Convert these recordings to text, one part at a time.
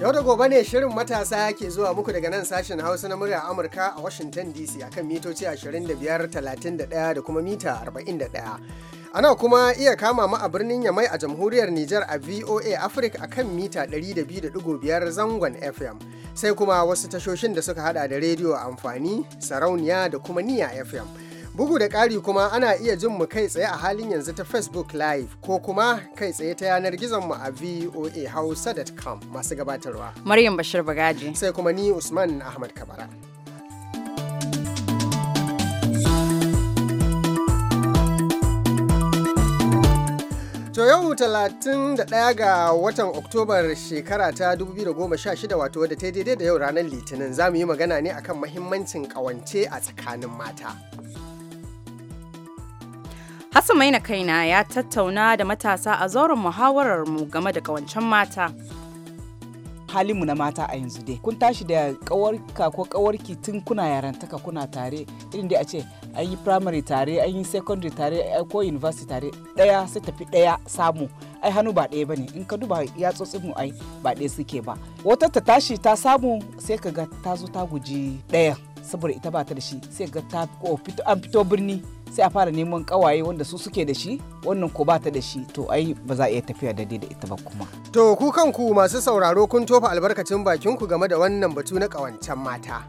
Yau da gobe ne shirin matasa ke zuwa muku daga nan sashen Hausa na murya Amurka a Washington DC akan mitoci 25, 31 da kuma mita 41. Ana kuma iya kama mu a birnin Yamai a jamhuriyar Nijar a VOA Africa akan mita 200.5 zangon FM. Sai kuma wasu tashoshin da suka hada da rediyo amfani, sarauniya da kuma niya FM. Bugu da ƙari kuma ana iya jin mu kai tsaye a halin yanzu ta Facebook Live ko kuma kai tsaye ta yanar gizon mu a voahausa.com masu gabatarwa. Maryam Bashir Bagaji. Sai kuma ni Usman Ahmad Kabara. To yau 31 ga watan Oktobar shekara ta 2016 wato wadda ta daidai da yau ranar Litinin za mu yi magana ne akan mahimmancin kawance a tsakanin mata. Hassan Maina Kaina ya tattauna da matasa a zauren muhawarar mu game da kawancen mata. halinmu na mata a yanzu dai kun tashi da kawarka ko kawarki tun kuna yarantaka kuna tare irin dai a ce an yi primary tare an yi secondary tare eh, ko university tare daya sai tafi daya samu ai hannu ba ɗaya bane in ka duba yatsotsin mu ai ba ɗaya suke ba wata ta tashi ta samu sai ka ga ta zo ta guji ɗaya saboda ita ba ta da shi sai ga ta oh, an fito birni sai a fara neman kawaye wanda su suke da shi wannan ko bata da shi to ai ba za a iya tafiya daidai da ita ba kuma to ku kanku masu sauraro kun tofa albarkacin bakin ku game da wannan batu na kawancan mata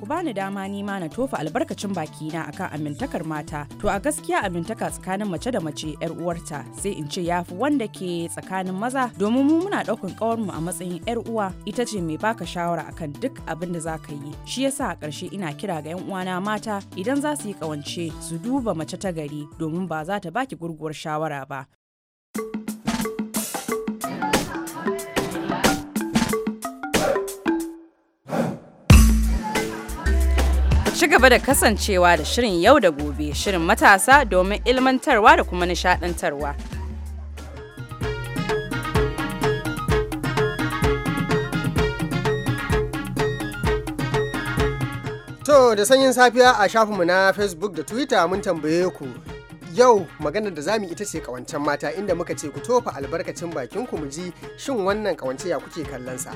ku bani dama nima na tofa albarkacin bakina akan amintakar mata to a gaskiya amintaka tsakanin mace da mace yar uwarta sai in ce yafi wanda ke tsakanin maza domin mu muna daukan kawar mu a matsayin yar uwa ita ce mai baka shawara akan duk abin da zaka yi shi yasa a ƙarshe ina kira ga yan uwana mata idan za su yi kawance su duba mace ta gari domin ba za ta baki gurguwar shawara ba ci gaba da kasancewa da shirin yau da gobe, shirin matasa domin ilmantarwa da kuma nishadantarwa. To da sanyin safiya a shafinmu na Facebook da Twitter mun tambaye ku yau maganar da zamu ita ce kawancen mata inda muka ce ku tofa albarkacin bakin ku mu ji shin wannan kawance ya kuke kallon sa.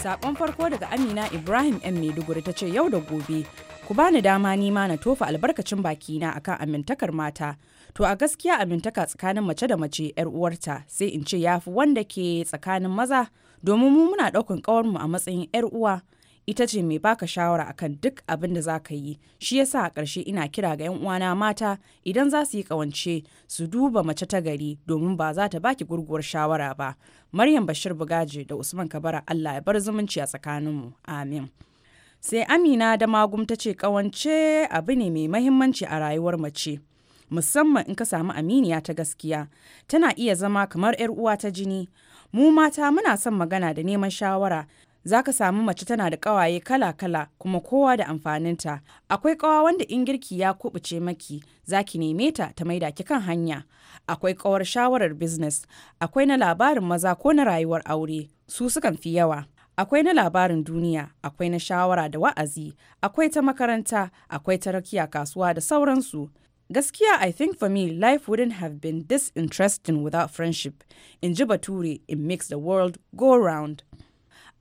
Sakon farko daga Amina Ibrahim 'yan Maiduguri ta ce yau da gobe. ku bani dama nima na tofa albarkacin bakina akan amintakar mata to a gaskiya amintaka tsakanin mace da mace yar uwarta sai in ce yafi wanda ke tsakanin maza domin mu muna daukan kawarmu a matsayin yar uwa ita ce mai baka shawara akan duk abin da za ka yi shi yasa a ƙarshe ina kira ga 'yan uwana mata idan za su yi ƙawance su duba mace ta gari domin ba za ta baki gurguwar shawara ba maryam bashir bugaje da usman kabara allah ya bar zumunci a tsakaninmu amin sai amina da magum ta ce ƙawance abu ne mai mahimmanci a rayuwar mace musamman in ka samu aminiya ta gaskiya tana iya zama kamar 'yar uwa ta jini mu mata muna son magana da neman shawara za ka samu mace tana da ƙawaye kala-kala kuma kowa da amfaninta. Akwai ƙawa wanda in girki ya kubuce maki za ki neme ta ta maida ki kan hanya. Akwai ƙawar shawarar business, akwai na labarin maza ko na rayuwar aure, su sukan fi yawa. Akwai na labarin duniya, akwai na shawara da wa'azi, akwai ta makaranta, akwai ta rakiya kasuwa da sauransu. Gaskiya I think for me life wouldn't have been this interesting without friendship. In ji Bature, it makes the world go round.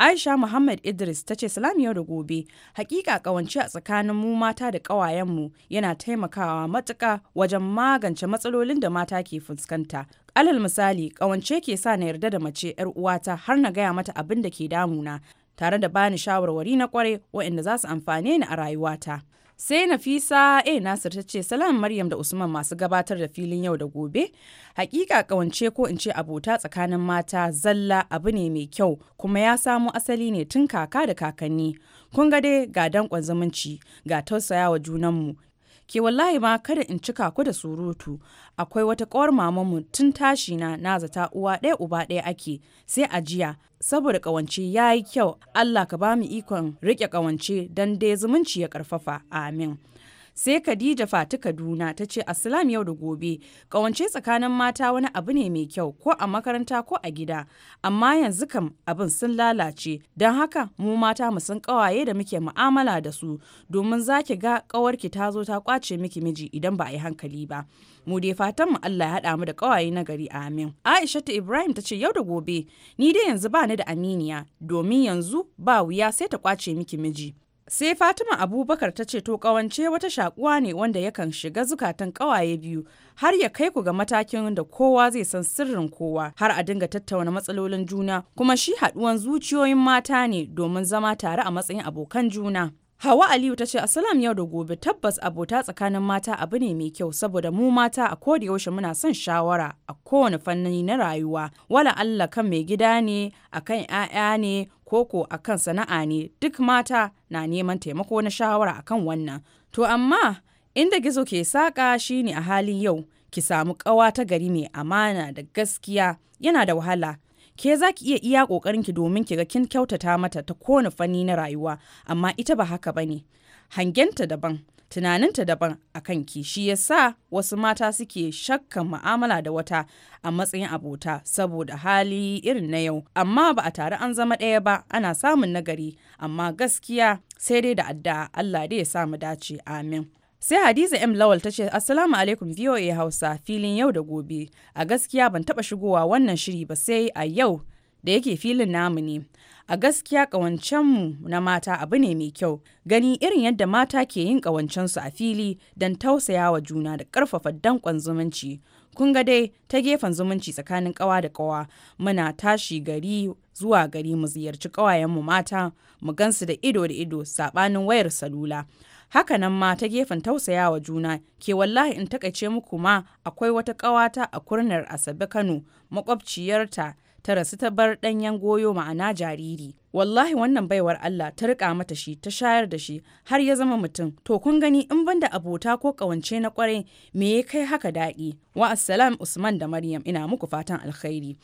Aisha Muhammad Idris ta ce salamiyar da gobe hakika kawance a tsakanin mu mata da ƙawayenmu yana taimakawa matuƙa wajen magance matsalolin da mata ke fuskanta. Alal misali ƙawance ke sa na yarda da mace 'yar uwata har na gaya mata abin da ke damuna tare da bani shawarwari na kwarai waɗanda za su amfane ni a rayuwata. sai nafisa a eh, nasir ta ce salam maryam da usman masu gabatar da filin yau da gobe hakika kawance ko in ce abota tsakanin mata zalla abu ne mai kyau kuma ya samo asali ne tun kaka da kakanni kun ga dai ga dankon zumunci ga tausaya wa junanmu ke wallahi ma kada in cika ku da surutu akwai wata ƙawar mu tun tashi na na zata uwa ɗaya uba ɗaya ake sai ajiya saboda ƙawance ya yi kyau Allah ka ba mu ikon riƙe ƙawance don dai zumunci ya ƙarfafa amin sai Khadija Fati Kaduna ta ce Aslam yau da gobe kawance tsakanin mata wani abu ne mai kyau ko a makaranta ko a gida amma yanzu kam abin sun lalace don haka mu mata mu san kawaye da muke mu'amala da su domin za ki ga kawarki ta zo ta kwace miki miji idan ba a yi hankali ba mu dai fatan mu Allah ya haɗa mu da kawaye na gari amin Aisha ta Ibrahim ta ce yau da gobe ni dai yanzu ba ni da aminiya domin yanzu ba wuya sai ta kwace miki miji sai fatima abubakar ta ce to kawance wata shakuwa ne wanda yakan shiga zukatan kawaye biyu har ya kai ku ga matakin da kowa zai san sirrin kowa har a dinga tattauna matsalolin juna kuma shi haduwan zuciyoyin mata ne domin zama tare a matsayin abokan juna Hawa Aliyu ta ce Asalam yau da gobe tabbas abota tsakanin mata abu ne mai kyau saboda mu mata a koda yaushe muna son shawara a kowane fannani na rayuwa wala Allah kan mai gida ne akan 'ya'ya ne koko akan sana'a ne duk mata na neman taimako na shawara akan wannan to amma inda gizo ke saƙa shi ne a halin yau ki samu ƙawa ta gari mai amana da gaskiya yana da wahala ke za ki iya iya kokarin ki domin ki ga kin kyautata mata ta kowane fanni na rayuwa amma ita ba haka ba bane hangenta daban tunaninta daban a kan ki shi ya sa wasu mata suke shakkan ma'amala da wata a matsayin abota saboda hali irin na yau amma ba a tare an zama ɗaya ba ana samun nagari amma gaskiya sai dai da addu'a Allah dai ya samu dace amin Sai Hadiza M Lawal ta ce Assalamu alaikum VOA Hausa filin yau da gobe. A gaskiya ban taba shigowa wannan shiri ba sai a yau da yake filin namu ne. A gaskiya ƙawancenmu na mata abu ne mai kyau. Gani irin yadda mata ke yin ƙawancensu a fili don tausaya wa juna da ƙarfafa danƙon zumunci. kun ga dai ta gefen zumunci tsakanin kawa da kawa muna tashi gari zuwa gari mu ziyarci kawayenmu mata mu gansu da ido da ido sabanin wayar salula hakanan ma ta gefen tausayawa juna ke wallahi in takaice muku ma akwai wata ƙawata a kurnar asabe kano makwabciyarta ta rasu ta bar ɗanyen goyo ma'ana jariri wallahi wannan baiwar Allah ta rika mata shi ta shayar da shi har ya zama mutum to kun gani in banda abota ko kawance na kwarai me ya kai haka daɗi wa assalam Usman da Maryam ina muku fatan alkhairi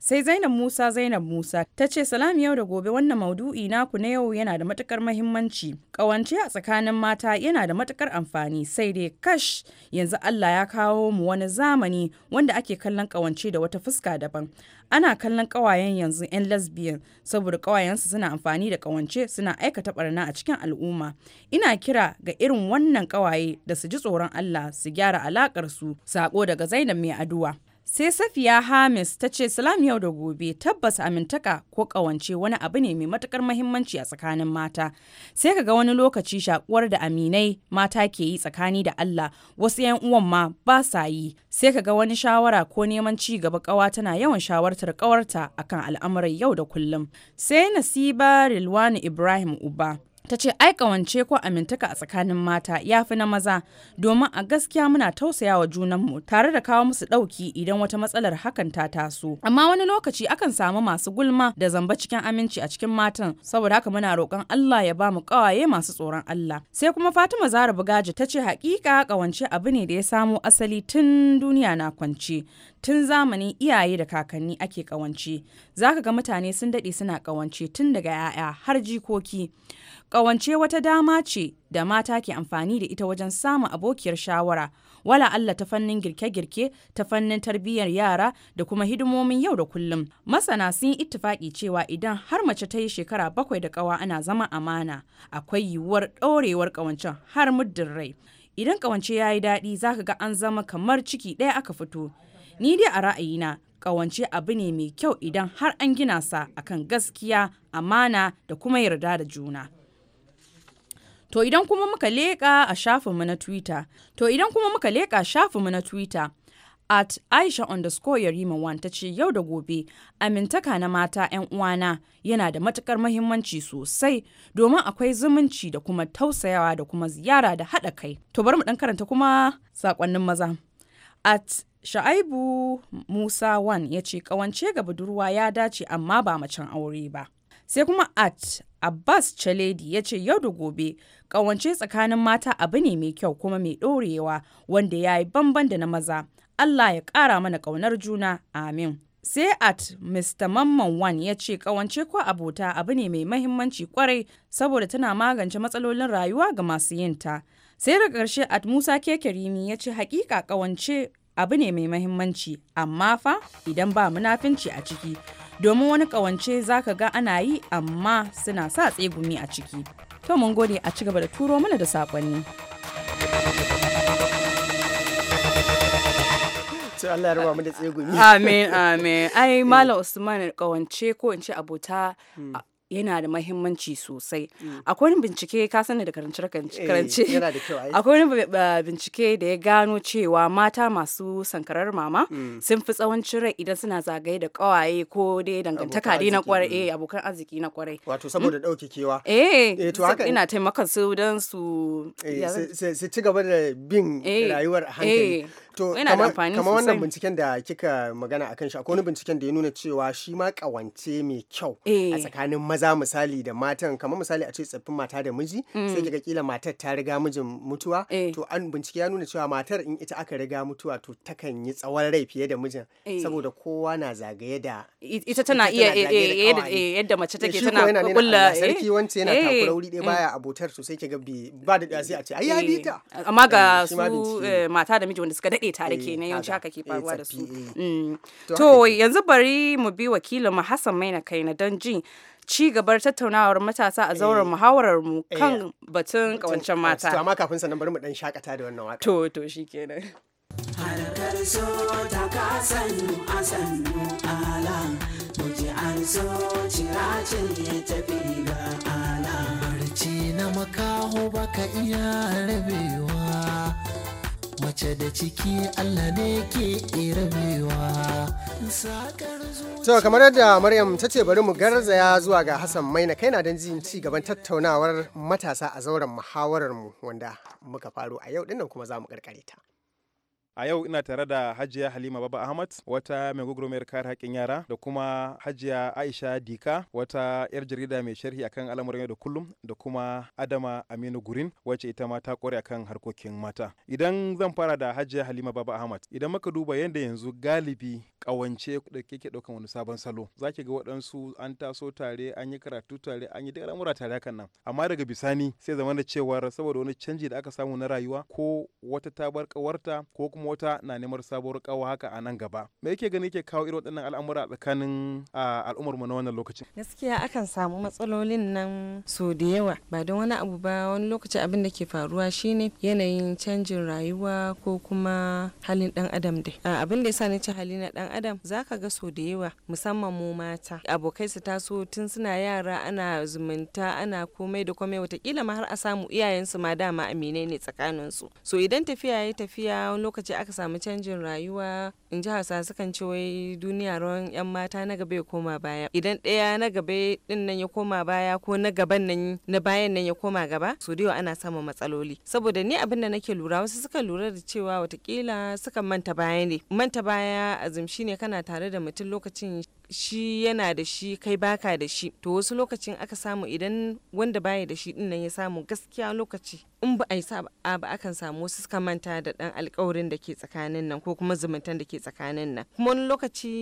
Sai Zainab Musa Zainab Musa ta ce salam yau da gobe wannan maudu'i naku na yau yana da matukar mahimmanci. Kawance a tsakanin mata yana da matukar amfani sai dai kash yanzu Allah ya kawo mu wani zamani wanda ake kallon kawance da wata fuska daban. Ana kallon kawayen yanzu 'yan lesbian saboda kawayensu suna amfani da kawance suna aikata barna a cikin al'umma. Ina kira ga irin wannan kawaye da su ji tsoron Allah su gyara alakar su sako daga Zainab mai aduwa. Sai Safiya Hamis ta ce salam yau da gobe tabbas amintaka ko kawance wani abu ne mai matukar mahimmanci a tsakanin mata. Sai kaga wani lokaci shakuwar da aminai mata ke yi tsakani da Allah wasu 'yan uwan ma ba sa yi. Sai ka ga wani shawara ko neman ci gaba kawa tana yawan shawartar kawarta akan al'amuran yau da kullum. Sai Nasiba Rilwani Ibrahim Uba ta ce ai kawance ko amintaka a tsakanin mata ya fi na maza domin a gaskiya muna tausaya wa junanmu tare da kawo musu ɗauki idan wata matsalar hakan ta taso amma wani lokaci akan samu masu gulma da zamba cikin aminci a cikin matan saboda haka muna roƙon Allah ya ba mu ƙawaye masu tsoron Allah sai kuma Fatima Zara Bugaji ta ce haƙiƙa kawance abu ne da ya samo asali tun duniya na kwance tun zamani, iyaye da kakanni ake kawance zaka ga mutane sun daɗe suna kawance tun daga 'ya'ya har jikoki kawance wata dama ce da mata ke amfani da ita wajen samun abokiyar shawara, wala Allah ta fannin girke-girke, ta fannin tarbiyyar yara da kuma hidimomin yau da kullum. Masana sun yi ittifaki cewa idan har mace ta yi shekara bakwai da ƙawa ana zama amana, akwai yiwuwar ɗorewar ƙawancen har muddin rai. Idan ƙawance ya yi daɗi za ka ga an zama kamar ciki ɗaya aka fito. Ni dai a ra'ayina kawance abu ne mai kyau idan har an gina sa akan gaskiya amana da kuma yarda da juna To idan kuma muka leƙa a shafinmu na Twitter, to idan kuma muka leƙa shafinmu na Twitter, at Aisha underscore Yarima Wan ta ce yau da gobe amintaka na mata 'yan uwana yana da matukar mahimmanci sosai domin akwai zumunci da kuma tausayawa da kuma ziyara da haɗa kai. To bari mu ɗan karanta kuma saƙonnin maza. At Sha'aibu Musa Wan ya ce ƙawance ga budurwa ya dace amma ba macen aure ba. sai kuma at Abbas Chaledi ya ce yau da gobe ƙawance tsakanin mata abu ne mai kyau kuma mai ɗorewa wanda ya yi bamban da na maza. Allah ya ƙara mana ƙaunar juna. Amin. sai at mr mamman wan ya ce ƙawance ko abota abu ne mai mahimmanci kwarai saboda tana magance matsalolin rayuwa ga masu yinta sai da ƙarshe at musa kekerimi ya ce hakika kawance abu ne mai mahimmanci amma fa idan ba munafinci a ciki domin wani kawance zaka ga ana yi amma suna sa tsegumi a ciki to mun gode a ci gaba da turo mana da sakonni sai Allah ya mu da tsegumi amin amin ai malam mm. usman kawance ko in ce abota mm. yana da mahimmanci sosai mm. akwai wani bincike ka sani da karance karance eh, akwai wani bincike da ya gano cewa mata masu sankarar mama mm. sun fi tsawon cire idan suna zagaye da kawaye ko dai dangantaka dai na kwarai eh mm. abokan arziki na kwarai wato saboda dauke kewa eh, eh to haka ina taimaka su dan eh, su su ci gaba da bin rayuwar hankali to kamar wannan binciken da kika magana akan shi akwai wani binciken da ya nuna cewa shi ma kawance mai kyau a tsakanin maza misali da matan kamar misali a ce tsaffin mata da miji mm. sai kika kila matar ta riga mijin mutuwa eh. to an bincike ya nuna cewa matar in ita aka riga mutuwa to takan yi tsawon rai fiye da mijin eh. saboda kowa na zagaye da ita tana iya eh, yadda mace take tana kula sarki wance yana takura wuri ɗaya baya abotar to sai bi ba da sai a ce ai ya bi ta amma ga su mata da miji wanda suka dade tare kenan yawanci haka ke faruwa da su mm. to yanzu bari mu bi wakilin mu Hassan Maina Kaina don jin ci gabar tattaunawar matasa a zauren eh. muhawarar mu eh, kan batun kawancen mata. Kama kafin sannan bari mu dan shakata da wannan waka. To to shikenan. Harkar so ta a sannu ala, muji an so ciracin ya tafi ga ala. Barci na makaho baka iya rabewa. mace da ciki Allah ne ke irabewa to kamar yadda Maryam ta ce bari mu garzaya zuwa ga Hassan Maina kai na don jin ci gaban tattaunawar matasa a zauren muhawarar mu wanda muka faro a yau dinnan kuma za mu karkare ta A yau ina tare da Hajiya Halima Baba Ahmad wata mai gugurumiyar kare haƙƙin yara da kuma Hajiya Aisha Dika wata 'yar jarida mai sharhi akan al'amuran yau da kullum da kuma Adama Aminu Gurin wacce ita ma ta kware akan harkokin mata. Idan zan fara da Hajiya Halima Baba Ahmad idan muka duba yadda yanzu galibi kawance da keke ɗaukan wani sabon salo za ki ga waɗansu an taso tare an yi karatu tare an yi duk al'amura tare hakan nan amma daga bisani sai zama da cewar saboda wani canji da aka samu na rayuwa ko wata ta bar ko kuma wata na neman sabuwar kawo haka a nan gaba me yake gani ke kawo irin waɗannan al'amura tsakanin al'ummar mu na wannan lokacin gaskiya akan samu matsalolin nan so da yawa ba don wani abu ba wani lokaci abin da ke faruwa shine yanayin canjin rayuwa ko kuma halin dan adam dai abin da yasa ni ci hali na dan adam zaka ga so da yawa musamman mu mata abokai su taso tun suna yara ana zumunta ana komai da komai watakila ma har a samu iyayensu ma dama aminai ne tsakaninsu so idan tafiya ya tafiya wani lokaci aka samu canjin rayuwa in ji hausa sukan ce wai duniya ruwan 'yan mata na gaba ya koma baya idan ɗaya na gaba din nan ya koma baya ko na gaban nan na bayan nan ya koma gaba so da ana samun matsaloli saboda ni abin da nake lura wasu suka lura da cewa watakila sukan manta baya ne manta baya azum shine kana tare da mutum lokacin shi yana da shi kai baka da shi to wasu lokacin aka samu idan wanda baya da shi din nan ya samu gaskiya lokaci in ba a yi sa'a ba akan samu wasu suka manta da dan alkawarin da ke tsakanin nan ko kuma zumuntan da ke tsakanin nan kuma wani lokaci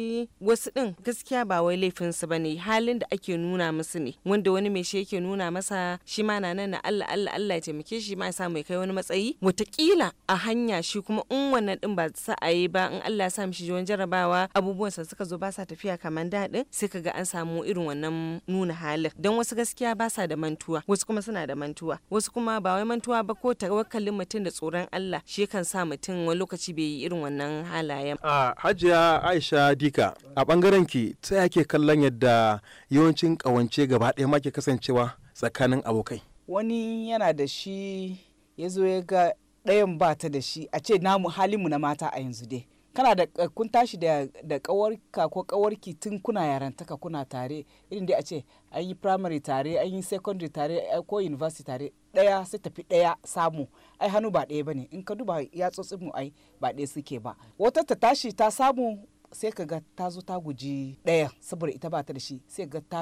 wasu din gaskiya ba wai laifin su bane halin da ake nuna musu ne wanda wani mai shi yake nuna masa shi ma na nan Allah Allah Allah ya taimake shi ma ya sa mai kai wani matsayi watakila a hanya shi kuma in wannan din ba a yi ba in Allah ya sa mishi jiwon jarabawa abubuwan sa suka zo ba sa tafiya kamar daɗin sai kaga an samu irin wannan nuna halin dan wasu gaskiya ba sa da mantuwa wasu kuma suna da mantuwa wasu kuma ba wai mantuwa mantuwa ba ko tawakkalin mutum da tsoron Allah shi kan sa mutum wani lokaci bai yi irin wannan halayen. A Hajiya Aisha Dika a bangaren ki ta yake kallon yadda yawancin kawance gaba ɗaya ma ke kasancewa tsakanin abokai. Wani yana da shi ya zo ya ga ɗayan ba ta da shi a ce namu halinmu na mata a yanzu dai. kana da eh, kun tashi da kawarka ko kawarki tun kuna yarantaka kuna tare irin dai a ce an yi primary tare an yi secondary tare eh, ko university tare daya sai tafi daya samu ai hannu ba daya bane in ka duba yatsotsin mu ai ba daya suke ba wata ta tashi ta samu sai ka ga ta zo ta guji ɗaya saboda ita ba ta da shi sai ga ta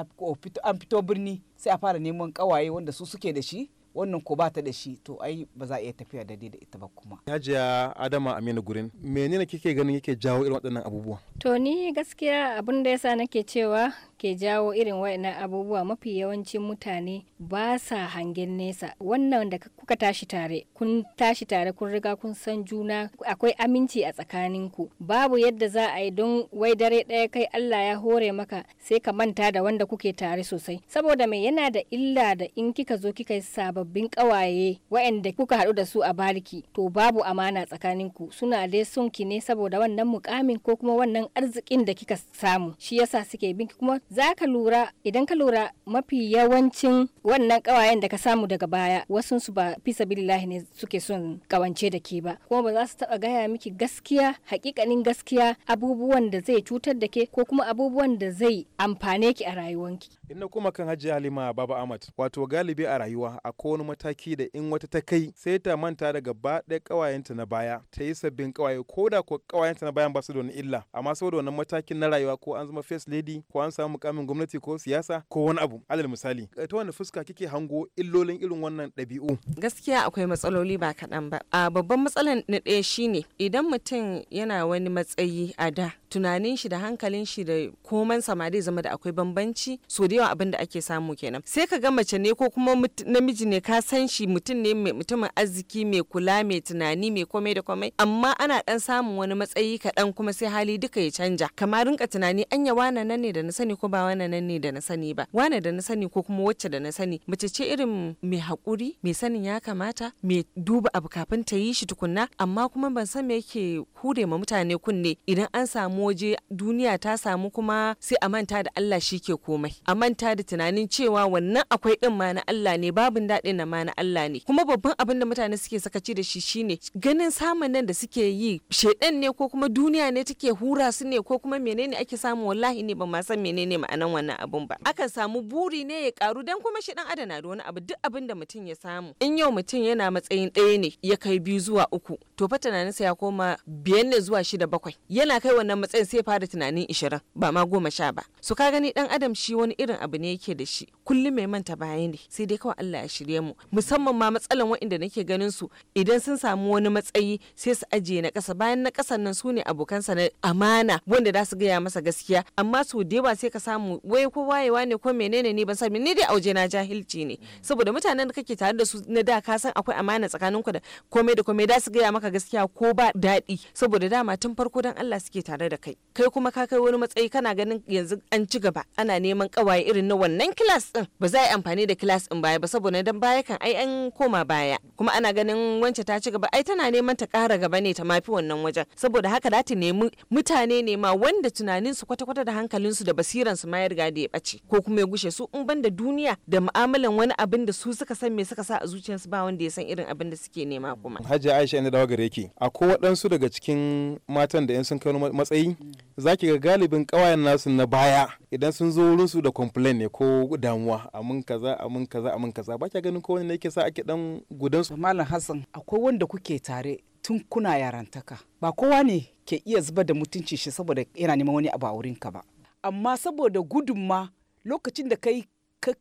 an fito birni sai a fara neman kawaye wanda su suke da shi wannan ko ba ta da shi to ai ba za a iya tafiya da da ita ba kuma. Hajiya Adama Aminu Gurin menene kike ganin yake jawo irin waɗannan abubuwa? To ni gaskiya abin da yasa nake cewa ke jawo irin wa'ina abubuwa mafi yawancin mutane ba sa hangen nesa wannan da kuka tashi tare kun tashi tare kun riga kun san juna akwai aminci a tsakaninku babu yadda za a yi don wai dare ɗaya kai Allah ya hore maka sai ka manta da wanda kuke tare sosai saboda mai yana da illa da in kika zo kika yi sababbin ƙawaye waɗanda kuka haɗu da su a bariki to babu amana tsakaninku suna dai son ki ne saboda wannan mukamin ko kuma wannan arzikin da kika samu shi yasa suke binki kuma za ka lura idan ka lura mafi yawancin wannan kawayen da ka samu daga baya wasun ba fi sabilillahi ne suke son kawance da ke ba kuma ba za su taba gaya miki gaskiya hakikanin gaskiya abubuwan da zai cutar da ke ko kuma abubuwan da zai amfane ki a rayuwanki in na kuma kan hajji halima baba ahmad wato galibi a rayuwa a wani mataki da in wata ta kai sai ta manta da gaba ɗaya kawayenta na baya ta yi sabbin kawaye ko da ko kawayenta na bayan ba su da wani illa amma saboda wannan matakin na rayuwa ko an zama first lady ko an samu mukamin gwamnati ko siyasa ko wani abu alal misali ta wani fuska kike hango illolin irin wannan ɗabi'u gaskiya akwai matsaloli ba kaɗan ba a babban matsalan na ɗaya shine idan mutum yana wani matsayi a da tunanin shi da hankalin shi da koman sama dai zama da akwai bambanci so da yawa abin da ake samu kenan sai ka ga mace ne ko kuma namiji ne ka san shi mutum ne mai mutumin arziki mai kula mai tunani mai komai da komai amma ana dan samun wani matsayi kaɗan kuma sai hali duka ya canja kamar rinka tunani anya wana nan ne da na sani ko. ko ba wannan nan ne da na sani ba wane da na sani ko kuma wacce da na sani mace ce irin mai hakuri mai sanin ya kamata mai duba abu kafin ta yi shi tukunna amma kuma ban san me yake hure ma mutane kunne idan an samu waje duniya ta samu kuma sai a manta da Allah shi ke komai a manta da tunanin cewa wannan akwai din ma na Allah ne babin daɗin na ma na Allah ne kuma babban abin da mutane suke sakaci da shi shine ganin samun nan da suke yi shedan ne ko kuma duniya ne take hura su ne ko kuma menene ake samu wallahi ne ba ma san menene ne ma'anan wannan abun ba akan samu buri ne ya karu dan kuma shi dan adana da wani abu duk abin da mutum ya samu in yau mutum yana matsayin ɗaya ne ya kai biyu zuwa uku to fa tunaninsa ya koma biyan ne zuwa shida bakwai yana kai wannan matsayin sai fara tunanin ishirin ba ma goma sha ba su ka gani dan adam shi wani irin abu ne yake da shi kullum mai manta baya ne sai dai kawai Allah ya shirye mu musamman ma matsalan waɗanda nake ganin su idan sun samu wani matsayi sai su ajiye na kasa bayan na kasan nan su ne abokansa na amana wanda za su gaya masa gaskiya amma su da yawa sai ka samu wai ko wayewa ne ko menene ne ban sami ni dai auje na jahilci ne mm. saboda mutanen da kake tare da su na da ka san akwai amana tsakanin ku da komai da komai da su gaya maka gaskiya ko ba daɗi saboda dama tun farko dan Allah suke tare da kai kai kuma ka kai wani matsayi kana ganin yanzu an ci gaba ana neman kawaye irin na wannan kilas din ba za a yi amfani da kilas din baya ba saboda dan baya kan ai an koma baya kuma ana ganin wance ta ci gaba ai tana neman ta kara gaba ne ta mafi wannan wajen saboda haka da ta nemi mutane ne ma wanda tunaninsu kwata-kwata da hankalin su da basiran kansu ma ya da ya ɓace ko kuma ya gushe su in ban da duniya da mu'amalan wani abin da su suka san me suka sa a zuciyarsu ba wanda ya san irin abin da suke nema kuma. Hajji Aisha inda dawa gare ki akwai waɗansu daga cikin matan da yan sun kai matsayi zaki ga galibin ƙawayen nasu na baya idan sun zo wurin su da complain ne ko damuwa amin kaza amin kaza amin kaza ba ki ganin ko wani ne yake sa ake dan gudan su. Malam Hassan akwai wanda kuke tare tun kuna yarantaka ba kowa ne ke iya zuba da mutunci shi saboda yana neman wani abu a wurinka ba. amma saboda gudun ma lokacin da kai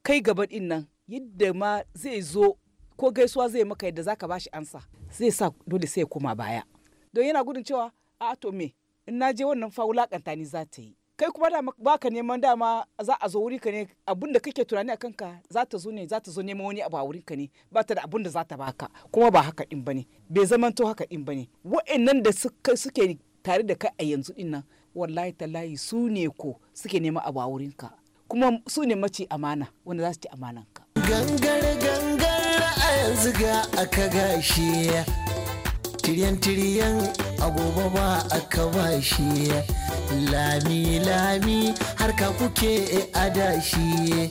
kai gaba din nan yadda ma zai zo ko gaisuwa zai maka yadda zaka bashi ansa zai sa dole sai ya koma baya don yana gudun cewa a to me in na je wannan fa wulakanta ni za ta yi kai kuma da baka neman dama za a zo wuri ka ne abin da kake tunani a ka za ta zo ne za ta zo neman wani abu a wurin ka ne ba ta da abin da za ta baka kuma ba haka din bane bai zamanto haka din bane wa'annan da suke tare da kai a yanzu din nan wallahi tallahi su ne ko suke nema abu a wurinka kuma su ne mace amana wanda za su ci amananka gangar gangar a yanzu ga aka gashi tiriyan tiriyan agoba ba aka bashi lami lami harka kuke adashi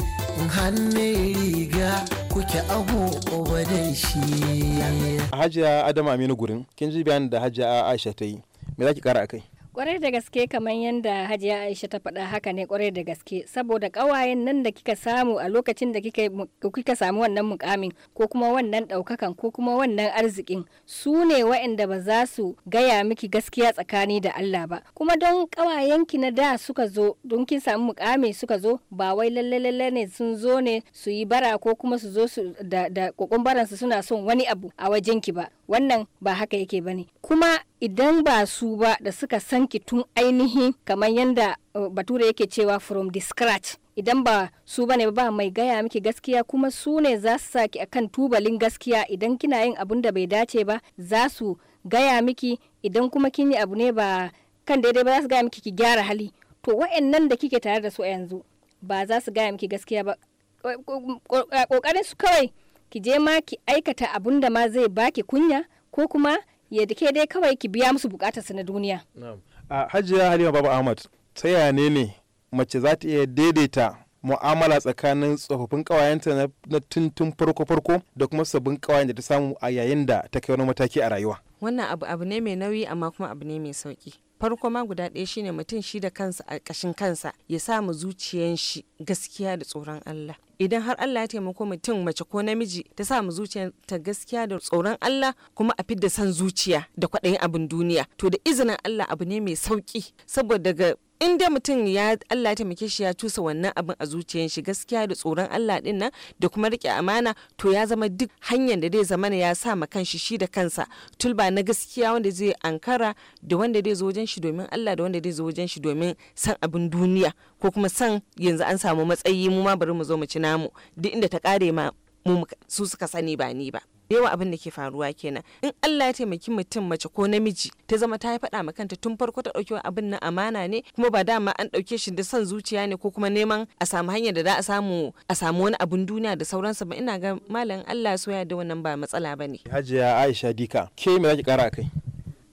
hannun riga kuke abu da shi hajiya adama aminu gurin kin ji bayan da hajiya aisha ta yi me za ki kara akai kwarai da gaske kamar yadda hajiya aisha ta faɗa haka ne kwarai da gaske saboda ƙawayen nan da kika samu a lokacin da kika samu wannan mukamin ko kuma wannan ɗaukakan ko kuma wannan arzikin su ne waɗanda ba za su gaya miki gaskiya tsakani da allah ba kuma don ƙawayenki na da suka zo don kin samu mukami suka zo ba wai lalle lalle ne sun zo ne su yi bara ko kuma su zo da, da kokumbaransu suna son wani abu a wajenki ba wannan ba haka yake ba ne kuma idan ba su ba da suka san ki tun ainihi kamar yadda uh, bature yake cewa from the scratch idan ba su ba ne ba mai gaya miki gaskiya kuma su ne za su saki kan tubalin gaskiya idan kina yin abun da bai dace ba za su gaya miki idan kuma kin yi abu ne ba kan daidai ba za su gaya miki ki gyara hali to wa'annan da kike tare da su a yanzu ba za su gaya miki gaskiya ba kokarin su kawai ki je ma ki aikata abun da ma zai baki kunya ko kuma ya ke dai kawai ki biya musu bukatarsu na duniya. A hajiya Halima Baba Ahmad ta yaya ne mace za ta iya daidaita mu'amala tsakanin tsofaffin kawayenta na tuntun farko-farko da kuma sabbin kawayen da ta samu a yayin da ta kai wani mataki a rayuwa. Wannan abu abu ne mai nauyi amma kuma abu ne mai sauki. farko ma guda ɗaya shine mutum shi da kansa a ƙashin kansa ya samu zuciyan shi gaskiya da tsoron Allah idan har Allah ya taimako mutum mace ko namiji ta sa mu zuciya ta gaskiya da tsoron Allah kuma a fidda son zuciya da kwaɗayin abin duniya to da izinin Allah abu ne mai sauki saboda daga inda mutum ya Allah ya taimake shi ya tusa wannan abin a zuciyar shi gaskiya da tsoron Allah din nan da kuma rike amana to ya zama duk hanyar da zai zama ya sa ma kanshi shi da kansa tulba na gaskiya wanda zai ankara da wanda zai zo wajen shi domin Allah da wanda zai zo wajen shi domin san abin duniya ko kuma san yanzu an samu matsayi mu ma bari mu zo mu ci namu duk inda ta kare ma mu su suka sani ba ni ba da yawa abin da ke faruwa kenan in Allah ya taimaki mutum mace ko namiji ta zama ta yi faɗa ma kanta tun farko ta ɗauki abin na amana ne kuma ba dama an ɗauke shi da son zuciya ne ko kuma neman a samu hanyar da za a samu a samu wani abun duniya da sauransu ba ina ga malam Allah soya da wannan ba matsala ba ne. Hajiya Aisha Dika ke me zaki kara kai?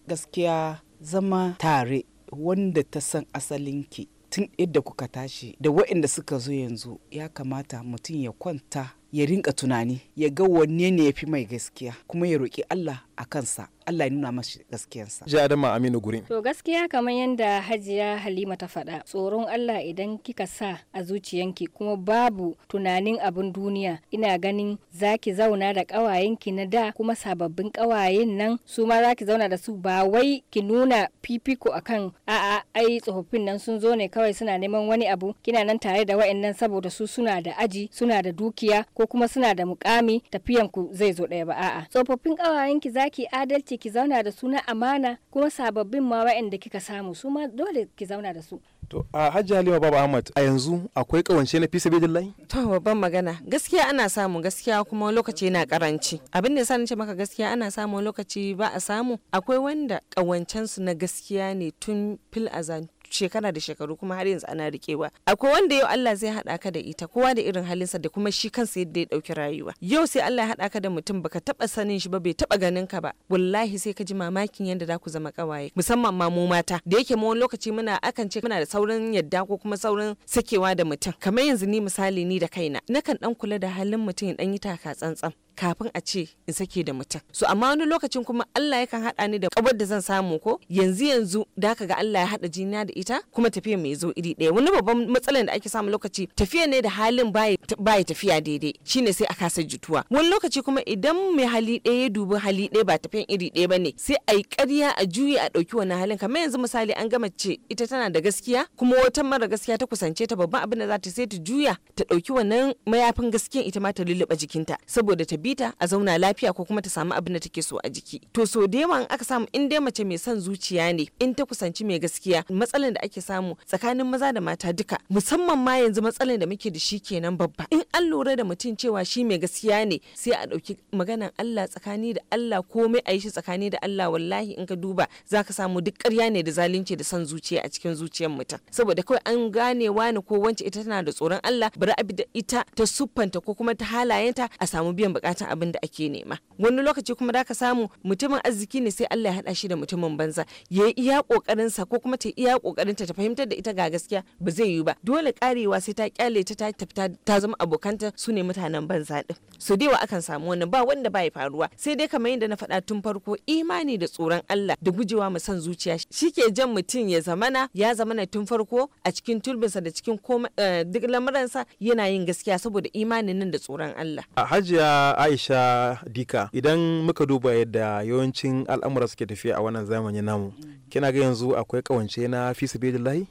Gaskiya zama tare wanda ta san asalinki tun yadda kuka tashi da waɗanda suka zo yanzu ya kamata mutum ya kwanta ya rinka tunani ya ga wanne ne ya fi mai gaskiya kuma ya roƙi Allah a kansa Allah ya nuna mashi gaskiyarsa. Ji Adama Aminu Gurin. To gaskiya kamar yadda Hajiya Halima ta faɗa tsoron Allah idan kika sa a zuciyanki kuma babu tunanin abin duniya ina ganin zaki zauna da ƙawayenki na da kuma sababbin ƙawayen nan su ma zaki zauna da su ba wai ki nuna fifiko akan 'a ai tsofaffin nan sun zo ne kawai suna neman wani abu kina nan tare da wa'annan saboda su suna da aji suna da dukiya ko kuma suna da mukami tafiyan ku zai zo ɗaya ba a'a tsofaffin ƙawayenki za ki adalci ki zauna da su na amana kuma sababbin ma wa'anda kika samu su ma dole ki zauna da su to a hajji halima baba ahmad a yanzu akwai kawance na fisa bidillahi to babban magana gaskiya ana samu gaskiya kuma lokaci na karanci abin da yasa ce maka gaskiya ana samu lokaci ba a samu akwai wanda kawancensu na gaskiya ne tun fil azan shekara da shekaru kuma har yanzu ana rikewa akwai wanda yau Allah zai haɗa ka da ita kowa da irin halinsa da kuma shi kansa yadda ya ɗauki rayuwa yau sai Allah ya haɗa ka da mutum baka taɓa sanin shi ba bai taɓa ganin ka ba wallahi sai ka ji mamakin yadda za ku zama ƙawaye musamman ma mu mata da yake mu wani lokaci muna akan ce muna da saurin yadda ko kuma saurin sakewa da mutum kamar yanzu ni misali ni da kaina nakan dan kula da halin mutum in dan yi taka tsantsan kafin a ce in sake da mutum so amma wani lokacin kuma Allah ya kan haɗa ni da kabar da zan samu ko yanzu yanzu da ka ga Allah ya haɗa jina da ita kuma tafiya mai zo iri daya wani babban matsalar da ake samu lokaci tafiya ne da halin baya tafiya daidai ne sai a kasa jituwa wani lokaci kuma idan mai hali daya ya dubi hali ɗaya ba tafiyan iri daya ba ne sai a yi ƙarya a juye a ɗauki wani halin kamar yanzu misali an gama ce ita tana da gaskiya kuma wata mara gaskiya ta kusance ta babban abin da za ta sai ta juya ta ɗauki wannan mayafin gaskiyan ita ma ta lulluɓa jikinta saboda ta bi bi ta a zauna lafiya ko kuma ta samu abin da take so a jiki to so da yawa aka samu in dai mace mai son zuciya ne in ta kusanci mai gaskiya matsalan da ake samu tsakanin maza da mata duka musamman ma yanzu matsalan da muke da shi kenan babba in an lura da mutum cewa shi mai gaskiya ne sai a ɗauki maganan Allah tsakani da Allah komai a yi shi tsakani da Allah wallahi in ka duba zaka samu duk ƙarya ne da zalunci da son zuciya a cikin zuciyar mutum saboda kawai an gane ne ko wance ita tana da tsoron Allah bari da ita ta suffanta ko kuma ta halayenta a samu biyan bukata bukatan abin da ake nema wani lokaci kuma da ka samu mutumin arziki ne sai Allah ya hada shi da mutumin banza ya yi iya sa ko kuma ta iya kokarin ta ta fahimtar da ita ga gaskiya ba zai yi ba dole karewa sai ta kyale ta ta zama abokanta su ne mutanen banza din su dewa akan samu wannan ba wanda ba ya faruwa sai dai kamar yadda na faɗa tun farko imani da tsoron Allah da gujewa mu san zuciya shike jan mutum ya zamana ya zamana tun farko a cikin tulbinsa da cikin eh, duk lamuransa yana yin gaskiya saboda imanin nan da tsoron Allah hajiya aisha dika idan muka duba yadda yawancin al'amura suke tafiya a wannan zamani namu kina ga yanzu akwai kawance na fi sabilillahi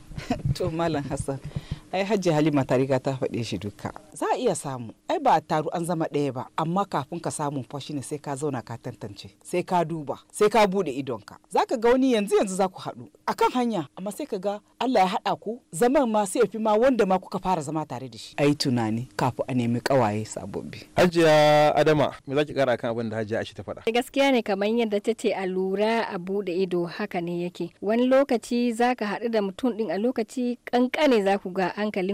to malam hassan ai hajji halima ta riga ta faɗe shi duka za a iya samu ai ba a taru an zama ɗaya ba amma kafin ka samu fa shine sai ka zauna ka tantance sai ka duba sai ka bude idonka za ka ga wani yanzu yanzu za ku haɗu A kan hanya amma sai ka ga Allah ya haɗa ku zaman ma sai fi ma wanda ma kuka fara zama tare da shi yi tunani kafin a nemi kawaye sababbi hajiya adama me zaki kara akan abin da hajiya ashi ta faɗa gaskiya ne kamar yadda ta ce a lura a buɗe ido haka ne yake wani lokaci zaka haɗu da mutum ɗin a lokaci kankane za ku ga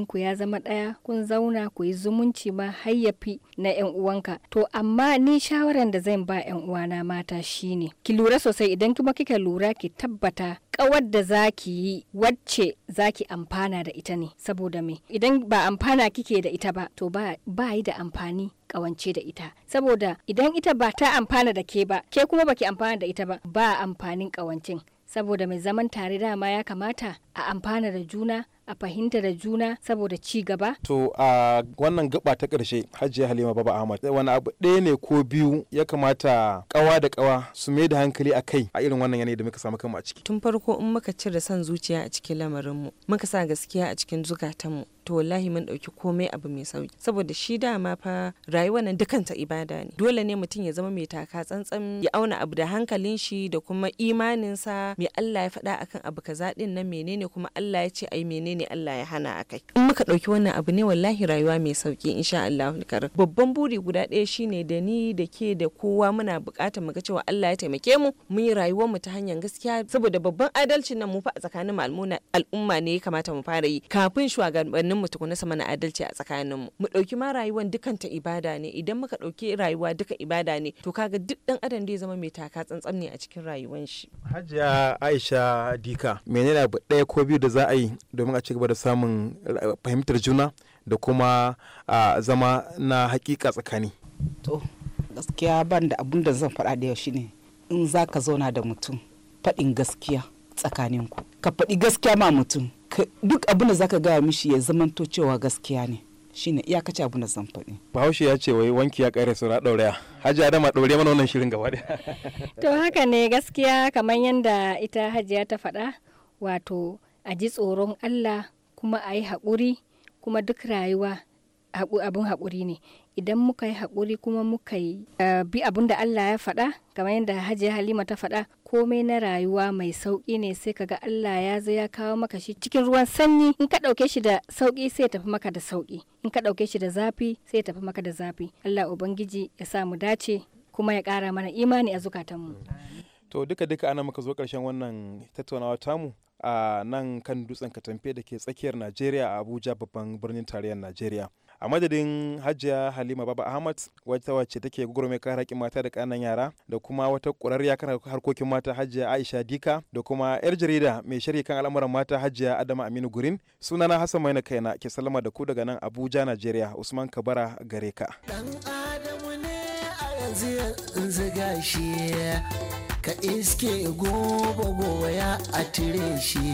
ku ya zama ɗaya kun zauna ku yi zumunci ma hayyafi na yan uwanka to amma ni shawaran da zan ba yan uwana mata shine ki lura sosai idan kuma kika lura ki tabbata kawar da za ki yi wacce za ki amfana da ita ne saboda me idan ba amfana kike da ita ba to ba yi da amfani kawance da ita saboda idan ita ba ta amfana da ke ba ke kuma baki amfana da ita ba ba amfanin kawancin saboda mai zaman tare dama ya kamata a amfana da juna a fahimtar juna saboda ci gaba? To a wannan gaba ta ƙarshe Hajiya Halima Baba Ahmad wani abu ɗaya ne ko biyu ya kamata ƙawa da ƙawa su mai da hankali a kai a irin wannan yanayi da muka samu kanmu a ciki. Tun farko in muka cire son zuciya a cikin lamarinmu muka sa gaskiya a cikin zukatanmu to wallahi mun ɗauki komai abu mai sauki saboda shi dama fa rayuwa nan dukanta ibada ne dole ne mutum ya zama mai taka tsantsan ya auna abu da hankalin shi da kuma imaninsa mai Allah ya faɗa akan abu kaza ɗin nan menene kuma Allah ya ce ai menene ne Allah ya hana a kai in muka ɗauki wannan abu ne wallahi rayuwa mai sauki insha Allah babban buri guda ɗaya shine da ni da ke da kowa muna buƙatar mu ga cewa Allah ya taimake mu mu yi rayuwar mu ta hanyar gaskiya saboda babban adalcin nan mu fa a tsakanin mu al'umma ne ya kamata mu fara yi kafin shugabannin mu tukuna sama na adalci a tsakanin mu mu ɗauki ma rayuwar dukan ta ibada ne idan muka ɗauki rayuwa duka ibada ne to kaga duk ɗan adam da ya zama mai taka tsantsan ne a cikin rayuwar shi hajiya aisha dika menene abu ɗaya ko biyu da za a yi domin a ci gaba da samun eh, fahimtar juna da kuma zama na hakika tsakani to gaskiya ban da abun da zan faɗa da yau shine in za ka zauna da mutum faɗin gaskiya tsakanin ku. ka faɗi gaskiya ma mutum duk abin da za ka gaya mishi ya zamanto cewa gaskiya ne shine iyakaci abin da zan faɗi. Bahaushe ya ce wai wanki ya ƙare sura ɗauraya. Hajji Adama ɗaure mana wannan shirin gaba To haka ne gaskiya kamar yadda ita Hajiya ta faɗa wato a ji tsoron Allah kuma a yi haƙuri kuma duk rayuwa abun haƙuri ne idan muka yi haƙuri kuma muka yi eh, bi abin da Allah ya faɗa kamar yadda hajiya halima ta faɗa komai na rayuwa mai sauƙi ne sai kaga Allah ya zo ya kawo maka shi cikin ruwan sanyi in ka ɗauke shi da sauƙi sai ya tafi maka da sauƙi in ka ɗauke shi da zafi sai ya tafi maka da zafi Allah ubangiji ya sa mu dace kuma ya ƙara mana imani a zukatanmu to duka duka ana muka zo ƙarshen wannan tattaunawa tamu a nan kan dutsen katamfe da ke tsakiyar najeriya a abuja babban birnin tarayyar najeriya a madadin hajiya halima baba ahmad wata wace take gurme kan haƙƙin mata da ƙananan yara da kuma wata ƙwararriya kan harkokin mata hajiya aisha dika da kuma yar jarida mai shirya kan al'amuran mata hajiya adama aminu gurin sunana hassan maina kaina ke salama da ku daga nan abuja najeriya usman kabara gare ka. ziga shi ka iske gobe goya a tire shi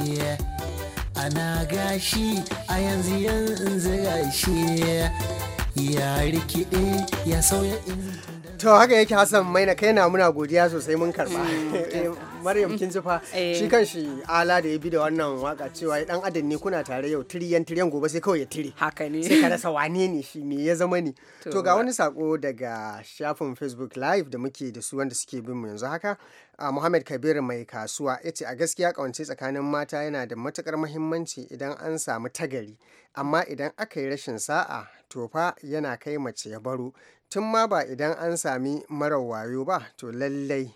ana gashi a yanzu yanzu gashi ya rikide ya sauya to haka yake Hassan Maina kai na muna godiya sosai mun karba mm. eh, Maryam kin zufa eh. shi kanshi ala da ya bi da wannan waka cewa ya dan adam ne kuna tare yau tiriyan tiriyan gobe sai kawai ya tire haka ne sai ka rasa wane ne shi me ya zama ne to ga wani sako daga shafin Facebook live da muke da su wanda suke bin mu yanzu haka a ah, Muhammad Kabir mai kasuwa ya ce a gaskiya kawance tsakanin mata yana da matukar muhimmanci idan an samu tagari amma idan aka yi rashin sa'a to fa yana kai mace ya baro tun ma ba idan an sami marar wayo ba to lallai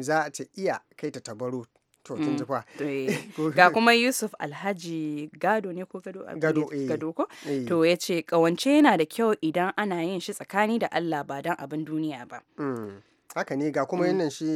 za ta iya kai ta tabaro to tun ji mm, fa eh. ga kuma Yusuf Alhaji Gado ne ko Gado Gado Gado eh. ko eh. to ce kawance yana da kyau idan ana yin shi tsakani da Allah ba don abin duniya ba mm. haka ne ga kuma yannan mm. shi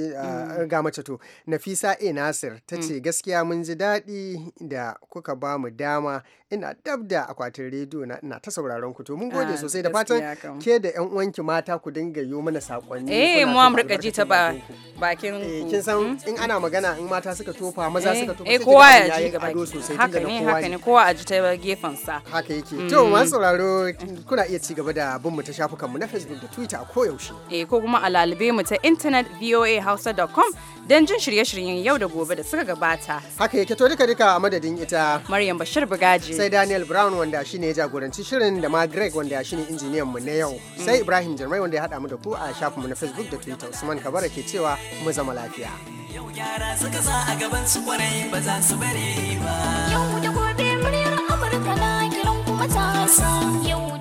ga mace to nafisa a nasir ta ce gaskiya mun ji daɗi da kuka ba mu dama ina dab da akwatin rediyo na ina ta sauraron ku to mun gode ah, sosai da fatan ke da yan uwanki mata ku dinga yo mana sakonni eh mu am rika ji ta ba bakin eh, kin san hmm? in ana magana in mata suka tofa eh, maza suka tofa eh kowa ya ji gaba haka ne haka ne kowa a ji ta gefen sa haka yake hmm. to masu sauraro kuna iya ci gaba da bin mu ta shafukan mu na Facebook da Twitter a koyaushe eh ko kuma a lalube mu ta internet voahausa.com don jin shirye-shiryen yau da gobe da suka gabata haka yake to duka duka a madadin ita Maryam Bashir Bugaji sai Daniel Brown wanda shine ya jagoranci shirin da ma Greg wanda shine injiniyan mu na yau. Mm. Sai Ibrahim Jarmai wanda ya hada mu da ku a shafinmu na Facebook da Twitter Usman Kabara ke cewa mu zama lafiya. Yau yara suka sa a gaban su kwarai ba za su bare ba. Yau da gobe muryar Amurka na kiran kuma ta Yau